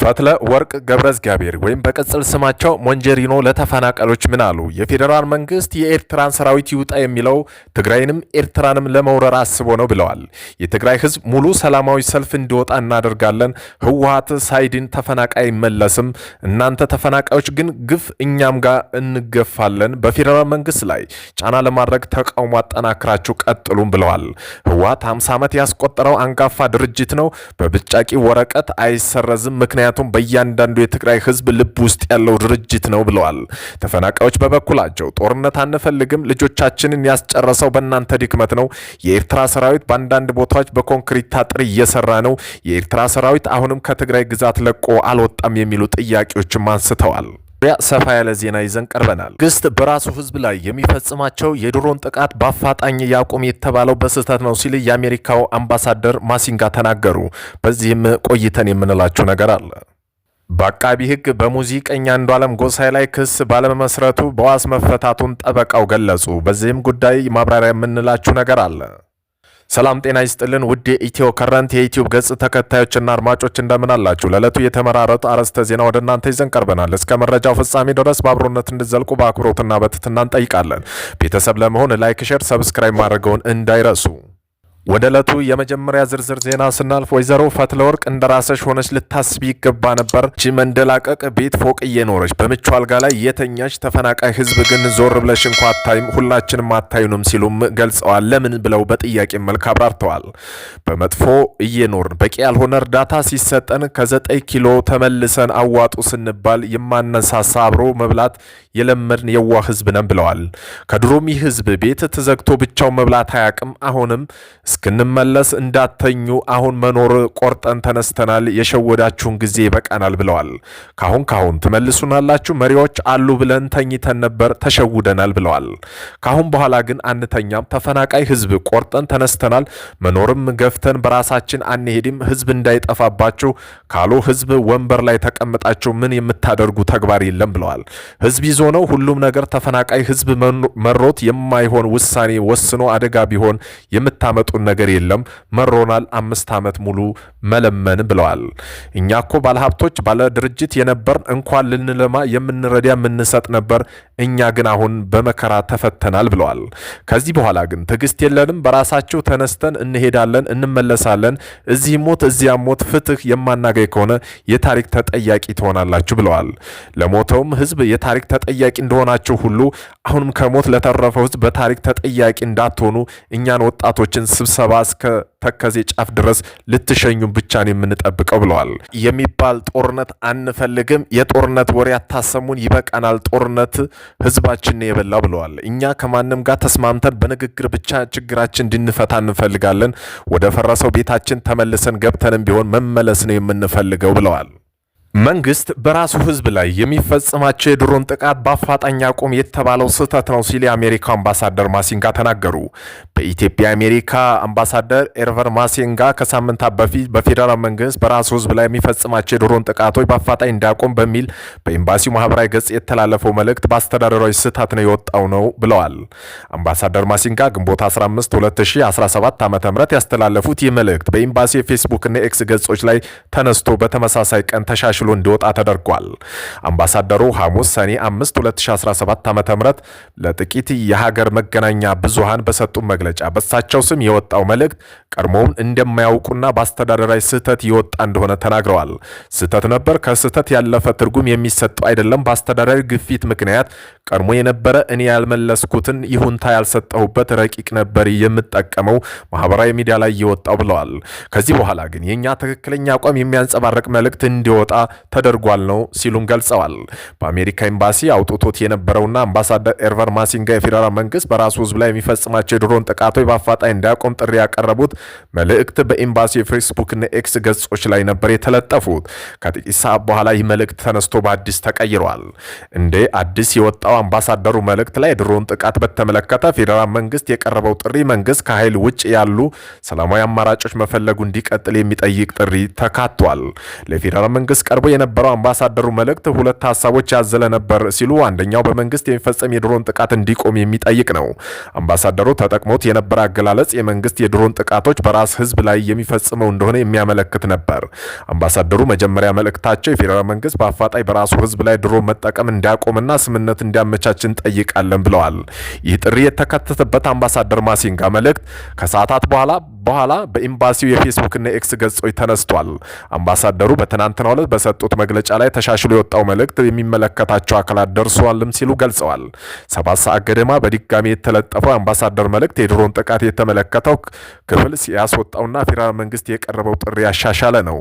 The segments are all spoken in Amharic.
ፈትለ ወርቅ ገብረ እግዚአብሔር ወይም በቅጽል ስማቸው ሞንጀሪኖ ለተፈናቃዮች ምን አሉ? የፌዴራል መንግስት የኤርትራን ሰራዊት ይውጣ የሚለው ትግራይንም ኤርትራንም ለመውረር አስቦ ነው ብለዋል። የትግራይ ህዝብ ሙሉ ሰላማዊ ሰልፍ እንዲወጣ እናደርጋለን። ህወሀት ሳይድን ተፈናቃይ ይመለስም። እናንተ ተፈናቃዮች ግን ግፍ እኛም ጋር እንገፋለን። በፌዴራል መንግስት ላይ ጫና ለማድረግ ተቃውሞ አጠናክራችሁ ቀጥሉም ብለዋል። ህወሀት 50 ዓመት ያስቆጠረው አንጋፋ ድርጅት ነው። በብጫቂ ወረቀት አይሰረዝም ምክንያት ምክንያቱም በእያንዳንዱ የትግራይ ህዝብ ልብ ውስጥ ያለው ድርጅት ነው ብለዋል። ተፈናቃዮች በበኩላቸው ጦርነት አንፈልግም፣ ልጆቻችንን ያስጨረሰው በእናንተ ድክመት ነው። የኤርትራ ሰራዊት በአንዳንድ ቦታዎች በኮንክሪት ታጥር እየሰራ ነው። የኤርትራ ሰራዊት አሁንም ከትግራይ ግዛት ለቆ አልወጣም የሚሉ ጥያቄዎችም አንስተዋል። ያ ሰፋ ያለ ዜና ይዘን ቀርበናል። መንግስት በራሱ ህዝብ ላይ የሚፈጽማቸው የድሮን ጥቃት በአፋጣኝ ያቁም የተባለው በስህተት ነው ሲል የአሜሪካው አምባሳደር ማሲንጋ ተናገሩ። በዚህም ቆይተን የምንላችሁ ነገር አለ። በአቃቢ ህግ በሙዚቀኛ አንዷለም ጎሳይ ላይ ክስ ባለመመስረቱ በዋስ መፈታቱን ጠበቃው ገለጹ። በዚህም ጉዳይ ማብራሪያ የምንላችሁ ነገር አለ። ሰላም ጤና ይስጥልን ውድ የኢትዮ ከረንት የዩትዩብ ገጽ ተከታዮችና አድማጮች እንደምን አላችሁ? ለዕለቱ የተመራረጡ አርዕስተ ዜና ወደ እናንተ ይዘን ቀርበናል። እስከ መረጃው ፍጻሜ ድረስ በአብሮነት እንዲዘልቁ በአክብሮትና በትትና እንጠይቃለን። ቤተሰብ ለመሆን ላይክ፣ ሼር፣ ሰብስክራይብ ማድረገውን እንዳይረሱ ወደ ዕለቱ የመጀመሪያ ዝርዝር ዜና ስናልፍ ወይዘሮ ፈትለወርቅ እንደራሰሽ ሆነች ልታስብ ይገባ ነበር። እቺ መንደላቀቅ ቤት ፎቅ እየኖረች በምቹ አልጋ ላይ የተኛች ተፈናቃይ ህዝብ ግን ዞር ብለሽ እንኳ አታይም፣ ሁላችንም አታዩንም ሲሉም ገልጸዋል። ለምን ብለው በጥያቄ መልክ አብራርተዋል። በመጥፎ እየኖርን በቂ ያልሆነ እርዳታ ሲሰጠን ከዘጠኝ ኪሎ ተመልሰን አዋጡ ስንባል የማነሳሳ አብሮ መብላት የለመድን የዋ ህዝብ ነን ብለዋል። ከድሮም ይህ ህዝብ ቤት ተዘግቶ ብቻው መብላት አያቅም። አሁንም እስክንመለስ እንዳተኙ አሁን መኖር ቆርጠን ተነስተናል። የሸወዳችሁን ጊዜ ይበቃናል ብለዋል። ካሁን ካሁን ትመልሱናላችሁ መሪዎች አሉ ብለን ተኝተን ነበር፣ ተሸውደናል ብለዋል። ካሁን በኋላ ግን አንተኛም። ተፈናቃይ ህዝብ ቆርጠን ተነስተናል። መኖርም ገፍተን በራሳችን አንሄድም። ህዝብ እንዳይጠፋባችሁ ካሉ ህዝብ ወንበር ላይ ተቀምጣችሁ ምን የምታደርጉ ተግባር የለም ብለዋል። ህዝብ ይዞ ነው ሁሉም ነገር። ተፈናቃይ ህዝብ መሮት የማይሆን ውሳኔ ወስኖ አደጋ ቢሆን የምታመጡን ነገር የለም መሮናል። አምስት ዓመት ሙሉ መለመን ብለዋል። እኛ እኮ ባለሀብቶች ባለ ድርጅት የነበርን እንኳን ልንለማ የምንረዳ የምንሰጥ ነበር። እኛ ግን አሁን በመከራ ተፈተናል ብለዋል። ከዚህ በኋላ ግን ትዕግስት የለንም። በራሳቸው ተነስተን እንሄዳለን፣ እንመለሳለን። እዚህ ሞት እዚያ ሞት ፍትህ የማናገኝ ከሆነ የታሪክ ተጠያቂ ትሆናላችሁ ብለዋል። ለሞተውም ህዝብ የታሪክ ተጠያቂ እንደሆናችሁ ሁሉ አሁንም ከሞት ለተረፈው ህዝብ በታሪክ ተጠያቂ እንዳትሆኑ እኛን ወጣቶችን ስብሰ ሰባ እስከ ተከዜ ጫፍ ድረስ ልትሸኙ ብቻ ነው የምንጠብቀው ብለዋል። የሚባል ጦርነት አንፈልግም። የጦርነት ወሬ አታሰሙን፣ ይበቃናል። ጦርነት ህዝባችን የበላው ብለዋል። እኛ ከማንም ጋር ተስማምተን በንግግር ብቻ ችግራችን እንድንፈታ እንፈልጋለን። ወደ ፈረሰው ቤታችን ተመልሰን ገብተንም ቢሆን መመለስ ነው የምንፈልገው ብለዋል። መንግስት በራሱ ህዝብ ላይ የሚፈጽማቸው የድሮን ጥቃት በአፋጣኝ አቁም የተባለው ስህተት ነው ሲል የአሜሪካ አምባሳደር ማሲንጋ ተናገሩ። በኢትዮጵያ የአሜሪካ አምባሳደር ኤርቨር ማሲንጋ ከሳምንታት በፊት በፌዴራል መንግስት በራሱ ህዝብ ላይ የሚፈጽማቸው የድሮን ጥቃቶች በአፋጣኝ እንዳያቆም በሚል በኤምባሲው ማህበራዊ ገጽ የተላለፈው መልእክት በአስተዳደራዊ ስህተት ነው የወጣው ነው ብለዋል። አምባሳደር ማሲንጋ ግንቦት 15 2017 ዓ ም ያስተላለፉት ይህ መልእክት በኤምባሲ የፌስቡክና ኤክስ ገጾች ላይ ተነስቶ በተመሳሳይ ቀን ተሻሽ ተሽሎ እንዲወጣ ተደርጓል። አምባሳደሩ ሐሙስ ሰኔ 5 2017 ዓ ም ለጥቂት የሀገር መገናኛ ብዙሃን በሰጡ መግለጫ በሳቸው ስም የወጣው መልእክት ቀድሞውን እንደማያውቁና በአስተዳደራዊ ስህተት የወጣ እንደሆነ ተናግረዋል። ስህተት ነበር። ከስህተት ያለፈ ትርጉም የሚሰጠው አይደለም። በአስተዳደራዊ ግፊት ምክንያት ቀድሞ የነበረ እኔ ያልመለስኩትን ይሁንታ ያልሰጠሁበት ረቂቅ ነበር የምጠቀመው ማህበራዊ ሚዲያ ላይ የወጣው ብለዋል። ከዚህ በኋላ ግን የእኛ ትክክለኛ አቋም የሚያንጸባርቅ መልእክት እንዲወጣ ተደርጓል ነው ሲሉም ገልጸዋል። በአሜሪካ ኤምባሲ አውጥቶት የነበረውና አምባሳደር ኤርቨር ማሲንጋ የፌዴራል መንግስት በራሱ ህዝብ ላይ የሚፈጽማቸው የድሮን ጥቃቶች በአፋጣኝ እንዲያቆም ጥሪ ያቀረቡት መልእክት በኤምባሲ የፌስቡክና ኤክስ ገጾች ላይ ነበር የተለጠፉት። ከጥቂት ሰዓት በኋላ ይህ መልእክት ተነስቶ በአዲስ ተቀይሯል። እንደ አዲስ የወጣው አምባሳደሩ መልእክት ላይ የድሮን ጥቃት በተመለከተ ፌዴራል መንግስት የቀረበው ጥሪ መንግስት ከኃይል ውጭ ያሉ ሰላማዊ አማራጮች መፈለጉ እንዲቀጥል የሚጠይቅ ጥሪ ተካቷል። ለፌዴራል መንግስት ቀር ቀርቦ የነበረው አምባሳደሩ መልእክት ሁለት ሀሳቦች ያዘለ ነበር ሲሉ አንደኛው በመንግስት የሚፈጸም የድሮን ጥቃት እንዲቆም የሚጠይቅ ነው። አምባሳደሩ ተጠቅሞት የነበረ አገላለጽ የመንግስት የድሮን ጥቃቶች በራስ ህዝብ ላይ የሚፈጽመው እንደሆነ የሚያመለክት ነበር። አምባሳደሩ መጀመሪያ መልእክታቸው የፌዴራል መንግስት በአፋጣኝ በራሱ ህዝብ ላይ ድሮን መጠቀም እንዲያቆምና ስምነት እንዲያመቻች እንጠይቃለን ብለዋል። ይህ ጥሪ የተካተተበት አምባሳደር ማሲንጋ መልእክት ከሰዓታት በኋላ በኋላ በኤምባሲው የፌስቡክና ኤክስ ገጾች ተነስቷል። አምባሳደሩ በትናንትናው ዕለት በሰጡት መግለጫ ላይ ተሻሽሎ የወጣው መልእክት የሚመለከታቸው አካላት ደርሷልም ሲሉ ገልጸዋል። ሰባት ሰዓት ገደማ በድጋሚ የተለጠፈው አምባሳደር መልእክት የድሮን ጥቃት የተመለከተው ክፍል ያስወጣውና ፌዴራል መንግስት የቀረበው ጥሪ ያሻሻለ ነው።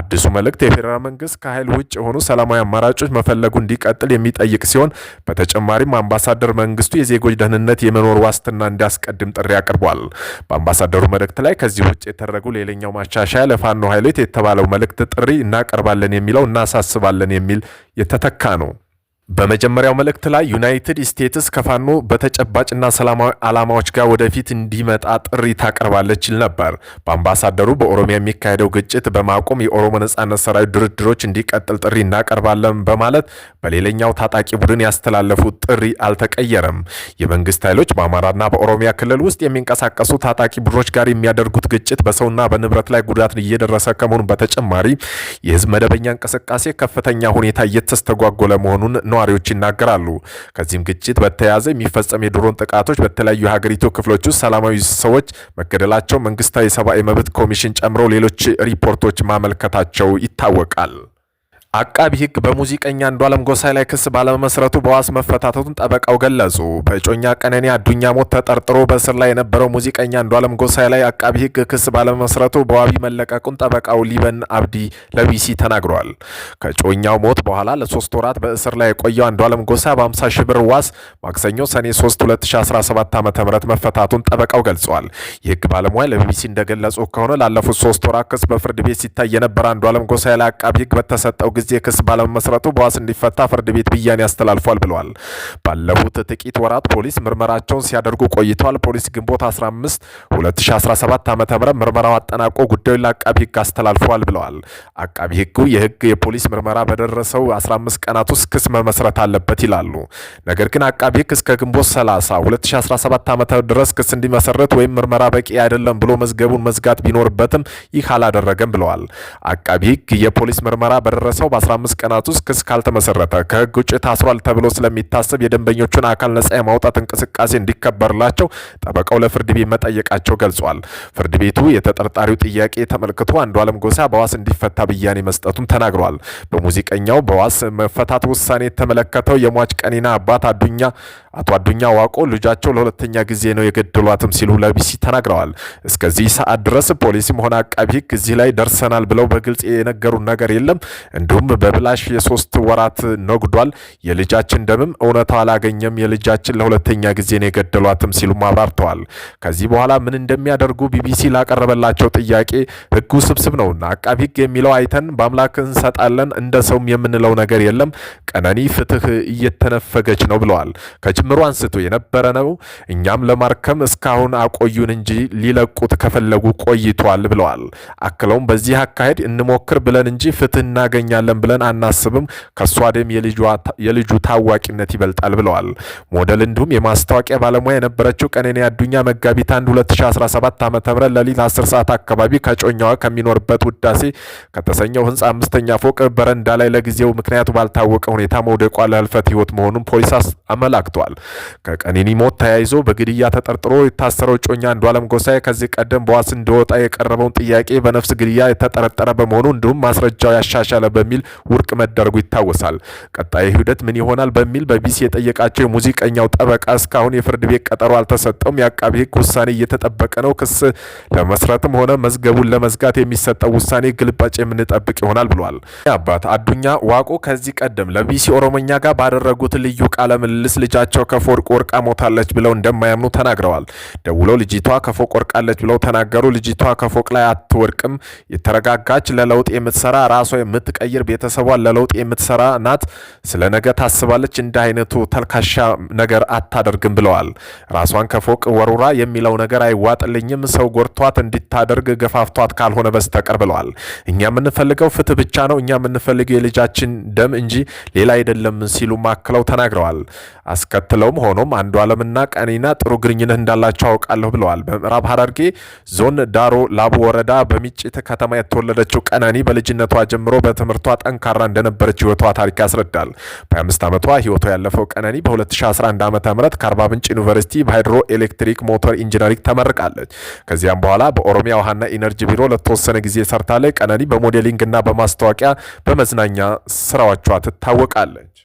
አዲሱ መልእክት የፌዴራል መንግስት ከኃይል ውጭ የሆኑ ሰላማዊ አማራጮች መፈለጉ እንዲቀጥል የሚጠይቅ ሲሆን በተጨማሪም አምባሳደር መንግስቱ የዜጎች ደህንነት የመኖር ዋስትና እንዲያስቀድም ጥሪ አቅርቧል። በአምባሳደሩ መልእክት ላይ ከዚህ ውጭ የተደረጉ ሌላኛው ማሻሻያ ለፋኖ ኃይሎች የተባለው መልእክት ጥሪ እናቀርባለን የሚለው እናሳስባለን የሚል የተተካ ነው። በመጀመሪያው መልእክት ላይ ዩናይትድ ስቴትስ ከፋኖ በተጨባጭና ሰላማዊ ዓላማዎች ጋር ወደፊት እንዲመጣ ጥሪ ታቀርባለች ይል ነበር። በአምባሳደሩ በኦሮሚያ የሚካሄደው ግጭት በማቆም የኦሮሞ ነጻነት ሰራዊት ድርድሮች እንዲቀጥል ጥሪ እናቀርባለን በማለት በሌላኛው ታጣቂ ቡድን ያስተላለፉት ጥሪ አልተቀየረም። የመንግስት ኃይሎች በአማራና በኦሮሚያ ክልል ውስጥ የሚንቀሳቀሱ ታጣቂ ቡድኖች ጋር የሚያደርጉት ግጭት በሰውና በንብረት ላይ ጉዳት እየደረሰ ከመሆኑ በተጨማሪ የህዝብ መደበኛ እንቅስቃሴ ከፍተኛ ሁኔታ እየተስተጓጎለ መሆኑን ነው ነዋሪዎች ይናገራሉ። ከዚህም ግጭት በተያያዘ የሚፈጸም የድሮን ጥቃቶች በተለያዩ የሀገሪቱ ክፍሎች ውስጥ ሰላማዊ ሰዎች መገደላቸው መንግስታዊ የሰብአዊ መብት ኮሚሽን ጨምሮ ሌሎች ሪፖርቶች ማመልከታቸው ይታወቃል። አቃቢ ህግ በሙዚቀኛ አንዷለም ጎሳይ ላይ ክስ ባለመመስረቱ በዋስ መፈታተቱን ጠበቃው ገለጹ። በእጮኛ ቀነኒ አዱኛ ሞት ተጠርጥሮ በእስር ላይ የነበረው ሙዚቀኛ አንዷለም ጎሳይ ላይ አቃቢ ህግ ክስ ባለመመስረቱ በዋቢ መለቀቁን ጠበቃው ሊበን አብዲ ለቢሲ ተናግሯል። ከእጮኛው ሞት በኋላ ለሶስት ወራት በእስር ላይ የቆየው አንዷለም ጎሳ በ50 ሺህ ብር ዋስ ማክሰኞ ሰኔ 3 2017 ዓ ም መፈታቱን ጠበቃው ገልጿል። የህግ ባለሙያ ለቢቢሲ እንደገለጹ ከሆነ ላለፉት ሶስት ወራት ክስ በፍርድ ቤት ሲታይ የነበረ አንዷለም ጎሳይ ላይ አቃቢ ህግ በተሰጠው ጊዜ ክስ ባለመመስረቱ በዋስ እንዲፈታ ፍርድ ቤት ብያኔ አስተላልፏል ብለዋል። ባለፉት ጥቂት ወራት ፖሊስ ምርመራቸውን ሲያደርጉ ቆይተዋል። ፖሊስ ግንቦት 15 2017 ዓ ም ምርመራው አጠናቆ ጉዳዩን ለአቃቢ ህግ አስተላልፏል ብለዋል። አቃቢ ህጉ የህግ የፖሊስ ምርመራ በደረሰው 15 ቀናት ውስጥ ክስ መመስረት አለበት ይላሉ። ነገር ግን አቃቢ ህግ እስከ ግንቦት 30 2017 ዓ ም ድረስ ክስ እንዲመሰረት ወይም ምርመራ በቂ አይደለም ብሎ መዝገቡን መዝጋት ቢኖርበትም ይህ አላደረገም ብለዋል። አቃቢ ህግ የፖሊስ ምርመራ በደረሰው በ15 ቀናት ውስጥ ክስ ካልተመሰረተ ከህግ ውጭ ታስሯል ተብሎ ስለሚታሰብ የደንበኞቹን አካል ነጻ የማውጣት እንቅስቃሴ እንዲከበርላቸው ጠበቃው ለፍርድ ቤት መጠየቃቸው ገልጿል። ፍርድ ቤቱ የተጠርጣሪው ጥያቄ ተመልክቶ አንዷለም ጎሳ በዋስ እንዲፈታ ብያኔ መስጠቱን ተናግሯል። በሙዚቀኛው በዋስ መፈታት ውሳኔ የተመለከተው የሟች ቀኒና አባት አዱኛ አቶ አዱኛ ዋቆ ልጃቸው ለሁለተኛ ጊዜ ነው የገደሏትም ሲሉ ለቢሲ ተናግረዋል። እስከዚህ ሰዓት ድረስ ፖሊስም ሆነ አቃቢ ሕግ እዚህ ላይ ደርሰናል ብለው በግልጽ የነገሩን ነገር የለም። እንዲሁም በብላሽ የሶስት ወራት ነጉዷል። የልጃችን ደምም እውነታው አላገኘም። የልጃችን ለሁለተኛ ጊዜ ነው የገደሏትም ሲሉ አብራርተዋል። ከዚህ በኋላ ምን እንደሚያደርጉ ቢቢሲ ላቀረበላቸው ጥያቄ ሕጉ ስብስብ ነውና አቃቢ ሕግ የሚለው አይተን በአምላክ እንሰጣለን እንደ ሰውም የምንለው ነገር የለም። ቀነኒ ፍትህ እየተነፈገች ነው ብለዋል። ከጅምሩ አንስቶ የነበረ ነው። እኛም ለማርከም እስካሁን አቆዩን እንጂ ሊለቁት ከፈለጉ ቆይቷል ብለዋል። አክለውም በዚህ አካሄድ እንሞክር ብለን እንጂ ፍትህ እናገኛለን ብለን አናስብም። ከእሷ ደም የልጁ ታዋቂነት ይበልጣል ብለዋል። ሞዴል እንዲሁም የማስታወቂያ ባለሙያ የነበረችው ቀነኒ አዱኛ መጋቢት 1 2017 ዓ ም ለሊት 10 ሰዓት አካባቢ ከጮኛዋ ከሚኖርበት ውዳሴ ከተሰኘው ህንፃ አምስተኛ ፎቅ በረንዳ ላይ ለጊዜው ምክንያቱ ባልታወቀ ሁኔታ መውደቋ ለህልፈት ህይወት መሆኑን ፖሊስ አመላክቷል። ይገኛል። ከቀነኒ ሞት ተያይዞ በግድያ ተጠርጥሮ የታሰረው እጮኛ አንዷለም ጎሳዬ ከዚህ ቀደም በዋስ እንደወጣ የቀረበውን ጥያቄ በነፍስ ግድያ የተጠረጠረ በመሆኑ እንዲሁም ማስረጃው ያሻሻለ በሚል ውድቅ መደረጉ ይታወሳል። ቀጣይ ሂደት ምን ይሆናል በሚል በቢሲ የጠየቃቸው የሙዚቀኛው ጠበቃ እስካሁን የፍርድ ቤት ቀጠሮ አልተሰጠውም፣ የአቃቢ ሕግ ውሳኔ እየተጠበቀ ነው። ክስ ለመስረትም ሆነ መዝገቡን ለመዝጋት የሚሰጠው ውሳኔ ግልባጭ የምንጠብቅ ይሆናል ብሏል። አባት አዱኛ ዋቆ ከዚህ ቀደም ለቢሲ ኦሮሞኛ ጋር ባደረጉት ልዩ ቃለ ምልልስ ልጃቸው ልጃቸው ከፎቅ ወርቃ ሞታለች ብለው እንደማያምኑ ተናግረዋል። ደውለው ልጅቷ ከፎቅ ወርቃለች ብለው ተናገሩ። ልጅቷ ከፎቅ ላይ አትወድቅም። የተረጋጋች ለለውጥ የምትሰራ ራሷ የምትቀይር ቤተሰቧን ለለውጥ የምትሰራ ናት። ስለ ነገ ታስባለች። እንደ አይነቱ ተልካሻ ነገር አታደርግም ብለዋል። ራሷን ከፎቅ ወሩራ የሚለው ነገር አይዋጥልኝም። ሰው ጎርቷት እንዲታደርግ ገፋፍቷት ካልሆነ በስተቀር ብለዋል። እኛ የምንፈልገው ፍትህ ብቻ ነው። እኛ የምንፈልገው የልጃችን ደም እንጂ ሌላ አይደለም ሲሉ ማክለው ተናግረዋል። አትከተለውም። ሆኖም አንዱ አለምና ቀኒና ጥሩ ግንኙነት እንዳላቸው አውቃለሁ ብለዋል። በምዕራብ ሐረርጌ ዞን ዳሮ ላቡ ወረዳ በሚጭት ከተማ የተወለደችው ቀነኒ በልጅነቷ ጀምሮ በትምህርቷ ጠንካራ እንደነበረች ህይወቷ ታሪክ ያስረዳል። በአምስት ዓመቷ ህይወቷ ያለፈው ቀነኒ በ2011 ዓ ም ከአርባ ምንጭ ዩኒቨርሲቲ በሃይድሮ ኤሌክትሪክ ሞተር ኢንጂነሪንግ ተመርቃለች። ከዚያም በኋላ በኦሮሚያ ውሃና ኢነርጂ ቢሮ ለተወሰነ ጊዜ ሰርታለች። ቀነኒ በሞዴሊንግ እና በማስታወቂያ በመዝናኛ ስራዎቿ ትታወቃለች።